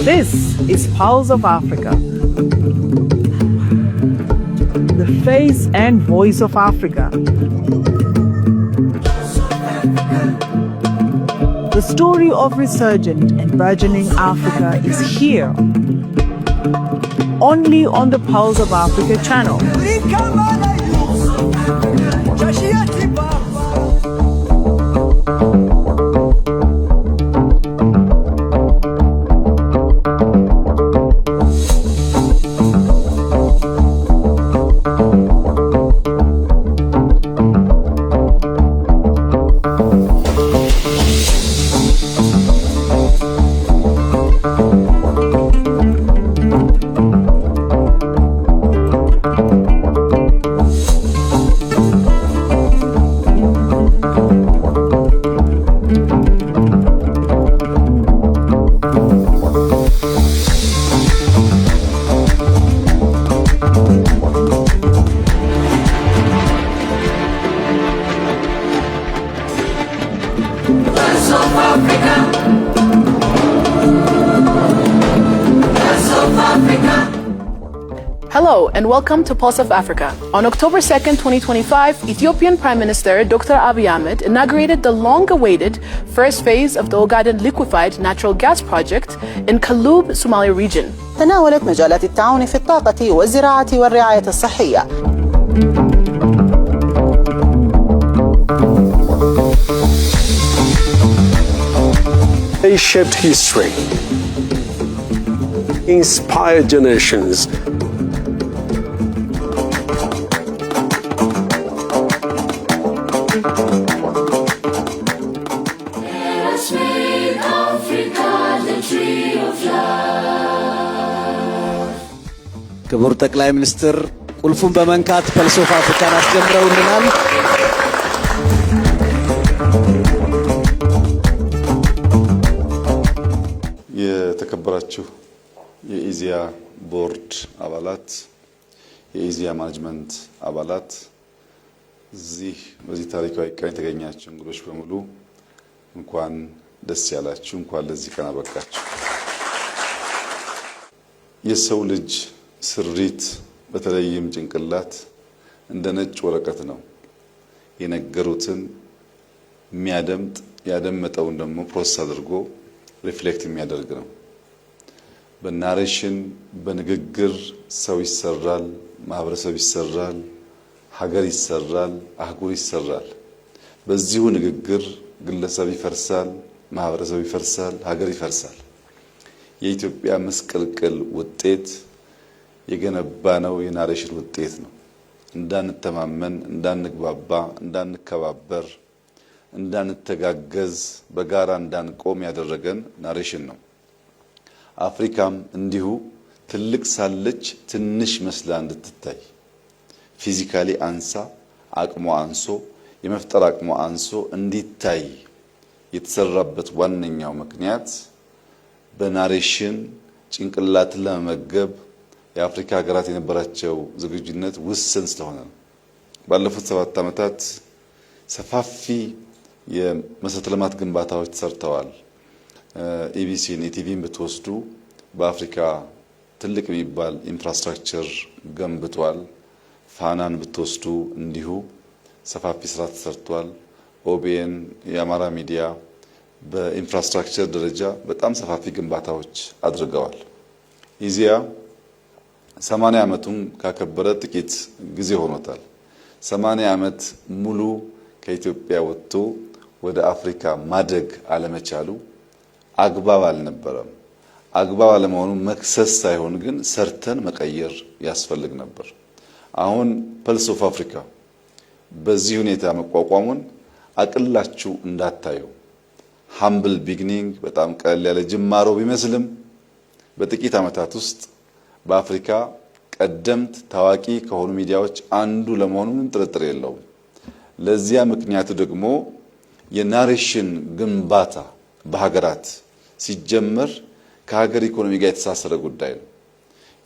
This is Pulse of Africa, the face and voice of Africa. The story of resurgent and burgeoning Africa is here, only on the Pulse of Africa channel. Hello and welcome to Pulse of Africa. On October 2, 2025, Ethiopian Prime Minister Dr. Abiy Ahmed inaugurated the long-awaited first phase of the Ogaden Liquefied Natural Gas Project in Kalub, Somali region. They shaped history, inspired generations ክቡር ጠቅላይ ሚኒስትር ቁልፉን በመንካት ፈልሶፍ አፍሪካን አስጀምረውልናል። የተከበራችሁ የኢዚያ ቦርድ አባላት፣ የኢዚያ ማኔጅመንት አባላት፣ እዚህ በዚህ ታሪካዊ ቀን የተገኛችሁ እንግዶች በሙሉ እንኳን ደስ ያላችሁ፣ እንኳን ለዚህ ቀን አበቃችሁ። የሰው ልጅ ስሪት በተለይም ጭንቅላት እንደ ነጭ ወረቀት ነው። የነገሩትን የሚያደምጥ ያደመጠውን ደግሞ ፕሮሰስ አድርጎ ሪፍሌክት የሚያደርግ ነው። በናሬሽን በንግግር ሰው ይሰራል፣ ማህበረሰብ ይሰራል፣ ሀገር ይሰራል፣ አህጉር ይሰራል። በዚሁ ንግግር ግለሰብ ይፈርሳል፣ ማህበረሰቡ ይፈርሳል፣ ሀገር ይፈርሳል። የኢትዮጵያ ምስቅልቅል ውጤት የገነባነው የናሬሽን ውጤት ነው። እንዳንተማመን፣ እንዳንግባባ፣ እንዳንከባበር፣ እንዳንተጋገዝ፣ በጋራ እንዳንቆም ያደረገን ናሬሽን ነው። አፍሪካም እንዲሁ ትልቅ ሳለች ትንሽ መስላ እንድትታይ ፊዚካሊ አንሳ አቅሞ አንሶ የመፍጠር አቅሞ አንሶ እንዲታይ የተሰራበት ዋነኛው ምክንያት በናሬሽን ጭንቅላትን ለመመገብ የአፍሪካ ሀገራት የነበራቸው ዝግጁነት ውስን ስለሆነ ነው። ባለፉት ሰባት ዓመታት ሰፋፊ የመሰረተ ልማት ግንባታዎች ተሰርተዋል። ኢቢሲን ኢቲቪን ብትወስዱ በአፍሪካ ትልቅ የሚባል ኢንፍራስትራክቸር ገንብቷል። ፋናን ብትወስዱ እንዲሁ ሰፋፊ ስራ ተሰርቷል። ኦቢኤን፣ የአማራ ሚዲያ በኢንፍራስትራክቸር ደረጃ በጣም ሰፋፊ ግንባታዎች አድርገዋል። ኢዜአ 80 ዓመቱን ካከበረ ጥቂት ጊዜ ሆኖታል። 80 ዓመት ሙሉ ከኢትዮጵያ ወጥቶ ወደ አፍሪካ ማደግ አለመቻሉ አግባብ አልነበረም። አግባብ አለመሆኑ መክሰስ ሳይሆን ግን ሰርተን መቀየር ያስፈልግ ነበር። አሁን ፐልስ ኦፍ አፍሪካ በዚህ ሁኔታ መቋቋሙን አቅላችሁ እንዳታዩ። ሃምብል ቢግኒንግ በጣም ቀለል ያለ ጅማሮ ቢመስልም በጥቂት ዓመታት ውስጥ በአፍሪካ ቀደምት ታዋቂ ከሆኑ ሚዲያዎች አንዱ ለመሆኑ ምን ጥርጥር የለውም። ለዚያ ምክንያቱ ደግሞ የናሬሽን ግንባታ በሀገራት ሲጀመር ከሀገር ኢኮኖሚ ጋር የተሳሰረ ጉዳይ ነው።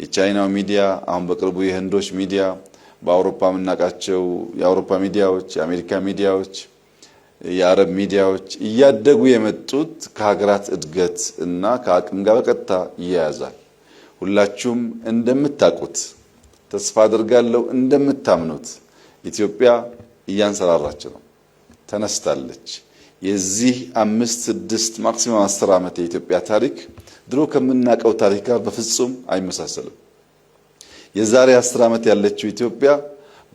የቻይናው ሚዲያ አሁን በቅርቡ የህንዶች ሚዲያ፣ በአውሮፓ የምናውቃቸው የአውሮፓ ሚዲያዎች፣ የአሜሪካ ሚዲያዎች የአረብ ሚዲያዎች እያደጉ የመጡት ከሀገራት እድገት እና ከአቅም ጋር በቀጥታ ይያያዛል። ሁላችሁም እንደምታውቁት ተስፋ አድርጋለሁ እንደምታምኑት ኢትዮጵያ እያንሰራራች ነው፣ ተነስታለች። የዚህ አምስት ስድስት ማክሲመም አስር ዓመት የኢትዮጵያ ታሪክ ድሮ ከምናውቀው ታሪክ ጋር በፍጹም አይመሳሰልም። የዛሬ አስር ዓመት ያለችው ኢትዮጵያ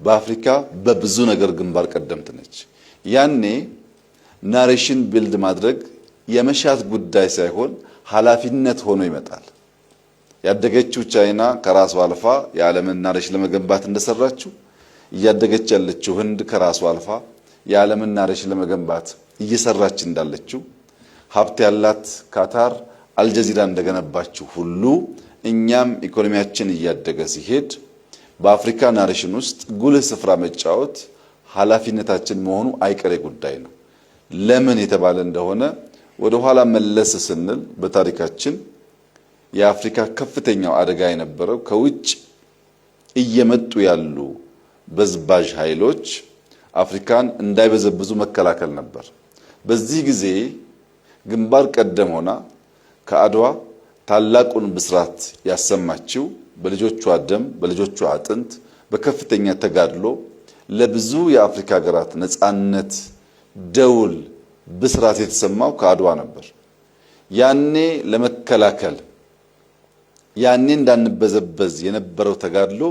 በአፍሪካ በብዙ ነገር ግንባር ቀደምት ነች። ያኔ ናሬሽን ቢልድ ማድረግ የመሻት ጉዳይ ሳይሆን ኃላፊነት ሆኖ ይመጣል። ያደገችው ቻይና ከራሷ አልፋ የዓለምን ናሬሽን ለመገንባት እንደሰራችው እያደገች ያለችው ህንድ ከራሷ አልፋ የዓለምን ናሬሽን ለመገንባት እየሰራች እንዳለችው ሀብት ያላት ካታር አልጀዚራ እንደገነባችው ሁሉ እኛም ኢኮኖሚያችን እያደገ ሲሄድ በአፍሪካ ናሬሽን ውስጥ ጉልህ ስፍራ መጫወት ኃላፊነታችን መሆኑ አይቀሬ ጉዳይ ነው። ለምን የተባለ እንደሆነ ወደ ኋላ መለስ ስንል በታሪካችን የአፍሪካ ከፍተኛው አደጋ የነበረው ከውጭ እየመጡ ያሉ በዝባዥ ኃይሎች አፍሪካን እንዳይበዘብዙ መከላከል ነበር። በዚህ ጊዜ ግንባር ቀደም ሆና ከአድዋ ታላቁን ብስራት ያሰማችው በልጆቿ ደም፣ በልጆቿ አጥንት፣ በከፍተኛ ተጋድሎ ለብዙ የአፍሪካ ሀገራት ነጻነት ደውል ብስራት የተሰማው ከአድዋ ነበር። ያኔ ለመከላከል ያኔ እንዳንበዘበዝ የነበረው ተጋድሎ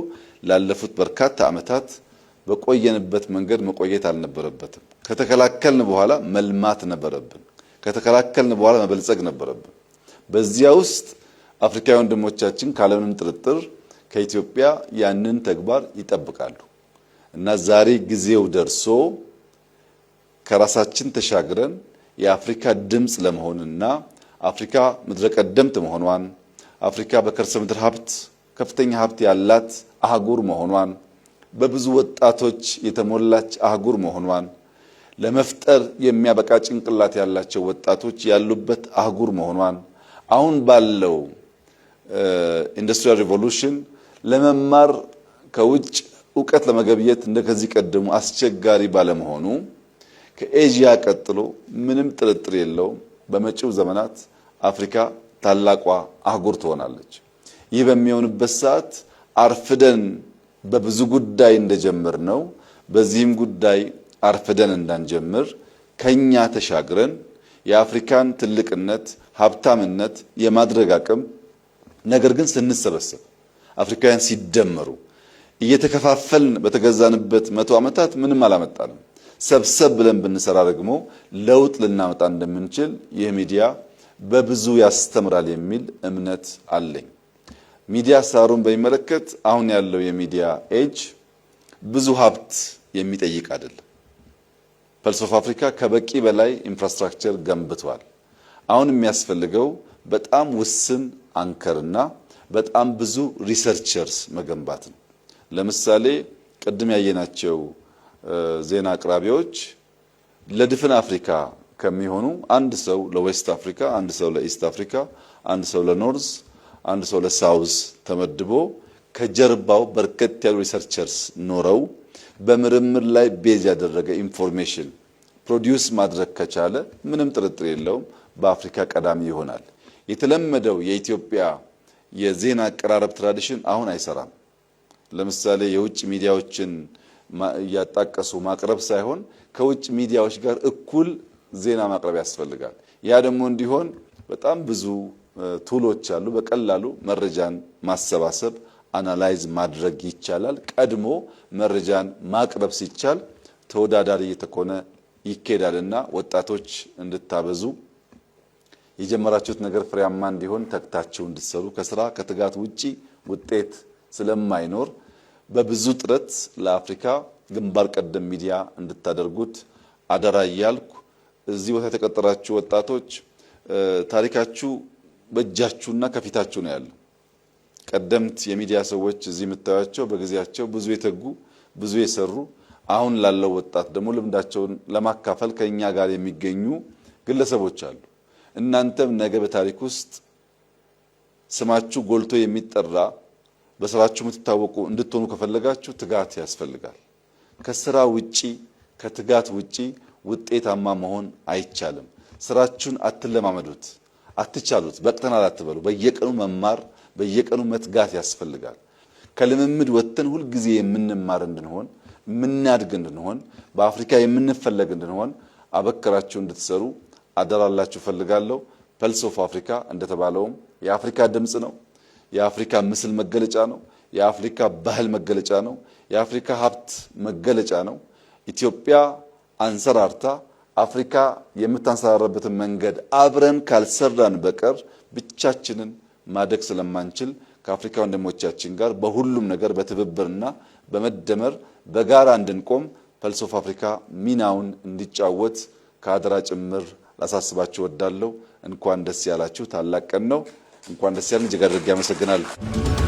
ላለፉት በርካታ ዓመታት በቆየንበት መንገድ መቆየት አልነበረበትም። ከተከላከልን በኋላ መልማት ነበረብን። ከተከላከልን በኋላ መበልጸግ ነበረብን። በዚያ ውስጥ አፍሪካዊ ወንድሞቻችን ካለምንም ጥርጥር ከኢትዮጵያ ያንን ተግባር ይጠብቃሉ እና ዛሬ ጊዜው ደርሶ ከራሳችን ተሻግረን የአፍሪካ ድምፅ ለመሆንና አፍሪካ ምድረ ቀደምት መሆኗን አፍሪካ በከርሰ ምድር ሀብት ከፍተኛ ሀብት ያላት አህጉር መሆኗን በብዙ ወጣቶች የተሞላች አህጉር መሆኗን ለመፍጠር የሚያበቃ ጭንቅላት ያላቸው ወጣቶች ያሉበት አህጉር መሆኗን አሁን ባለው ኢንዱስትሪያል ሪቮሉሽን ለመማር ከውጭ እውቀት ለመገብየት እንደ ከዚህ ቀደሙ አስቸጋሪ ባለመሆኑ ከኤዥያ ቀጥሎ ምንም ጥርጥር የለውም በመጪው ዘመናት አፍሪካ ታላቋ አህጉር ትሆናለች። ይህ በሚሆንበት ሰዓት አርፍደን በብዙ ጉዳይ እንደጀምር ነው በዚህም ጉዳይ አርፍደን እንዳንጀምር ከኛ ተሻግረን የአፍሪካን ትልቅነት ሀብታምነት የማድረግ አቅም ነገር ግን ስንሰበሰብ አፍሪካውያን ሲደመሩ እየተከፋፈልን በተገዛንበት መቶ ዓመታት ምንም አላመጣንም። ሰብሰብ ብለን ብንሰራ ደግሞ ለውጥ ልናመጣ እንደምንችል ይህ ሚዲያ በብዙ ያስተምራል የሚል እምነት አለኝ። ሚዲያ አሰራሩን በሚመለከት አሁን ያለው የሚዲያ ኤጅ ብዙ ሀብት የሚጠይቅ አይደለም። ፐልስ ኦፍ አፍሪካ ከበቂ በላይ ኢንፍራስትራክቸር ገንብቷል። አሁን የሚያስፈልገው በጣም ውስን አንከርና በጣም ብዙ ሪሰርቸርስ መገንባት ነው። ለምሳሌ ቅድም ያየናቸው ዜና አቅራቢዎች ለድፍን አፍሪካ ከሚሆኑ አንድ ሰው ለዌስት አፍሪካ፣ አንድ ሰው ለኢስት አፍሪካ፣ አንድ ሰው ለኖርዝ፣ አንድ ሰው ለሳውዝ ተመድቦ ከጀርባው በርከት ያሉ ሪሰርቸርስ ኖረው በምርምር ላይ ቤዝ ያደረገ ኢንፎርሜሽን ፕሮዲውስ ማድረግ ከቻለ ምንም ጥርጥር የለውም በአፍሪካ ቀዳሚ ይሆናል። የተለመደው የኢትዮጵያ የዜና አቀራረብ ትራዲሽን አሁን አይሰራም። ለምሳሌ የውጭ ሚዲያዎችን እያጣቀሱ ማቅረብ ሳይሆን ከውጭ ሚዲያዎች ጋር እኩል ዜና ማቅረብ ያስፈልጋል። ያ ደግሞ እንዲሆን በጣም ብዙ ቱሎች አሉ። በቀላሉ መረጃን ማሰባሰብ አናላይዝ ማድረግ ይቻላል። ቀድሞ መረጃን ማቅረብ ሲቻል ተወዳዳሪ እየተኮነ ይኬዳል እና ወጣቶች እንድታበዙ የጀመራችሁት ነገር ፍሬያማ እንዲሆን ተግታችሁ እንድትሰሩ ከስራ ከትጋት ውጪ ውጤት ስለማይኖር በብዙ ጥረት ለአፍሪካ ግንባር ቀደም ሚዲያ እንድታደርጉት አደራ እያልኩ እዚህ ቦታ የተቀጠራችሁ ወጣቶች ታሪካችሁ በእጃችሁና ከፊታችሁ ነው ያለው። ቀደምት የሚዲያ ሰዎች እዚህ የምታዩቸው በጊዜያቸው ብዙ የተጉ ብዙ የሰሩ አሁን ላለው ወጣት ደግሞ ልምዳቸውን ለማካፈል ከእኛ ጋር የሚገኙ ግለሰቦች አሉ። እናንተም ነገ በታሪክ ውስጥ ስማችሁ ጎልቶ የሚጠራ በስራችሁ የምትታወቁ እንድትሆኑ ከፈለጋችሁ ትጋት ያስፈልጋል። ከስራ ውጪ ከትጋት ውጪ ውጤታማ መሆን አይቻልም። ስራችሁን አትለማመዱት፣ አትቻሉት፣ በቅተናል አትበሉ። በየቀኑ መማር፣ በየቀኑ መትጋት ያስፈልጋል። ከልምምድ ወጥተን ሁልጊዜ የምንማር እንድንሆን፣ የምናድግ እንድንሆን፣ በአፍሪካ የምንፈለግ እንድንሆን አበክራችሁ እንድትሰሩ አደራላችሁ ፈልጋለሁ። ፐልስ ኦፍ አፍሪካ እንደተባለውም የአፍሪካ ድምፅ ነው። የአፍሪካ ምስል መገለጫ ነው። የአፍሪካ ባህል መገለጫ ነው። የአፍሪካ ሀብት መገለጫ ነው። ኢትዮጵያ አንሰራርታ አፍሪካ የምታንሰራራበትን መንገድ አብረን ካልሰራን በቀር ብቻችንን ማደግ ስለማንችል ከአፍሪካ ወንድሞቻችን ጋር በሁሉም ነገር በትብብርና በመደመር በጋራ እንድንቆም ፐልስ ኦፍ አፍሪካ ሚናውን እንዲጫወት ከአደራ ጭምር ላሳስባችሁ እወዳለሁ። እንኳን ደስ ያላችሁ። ታላቅ ቀን ነው። እንኳን ደስ ያለን። እጅግ አድርጌ አመሰግናለሁ።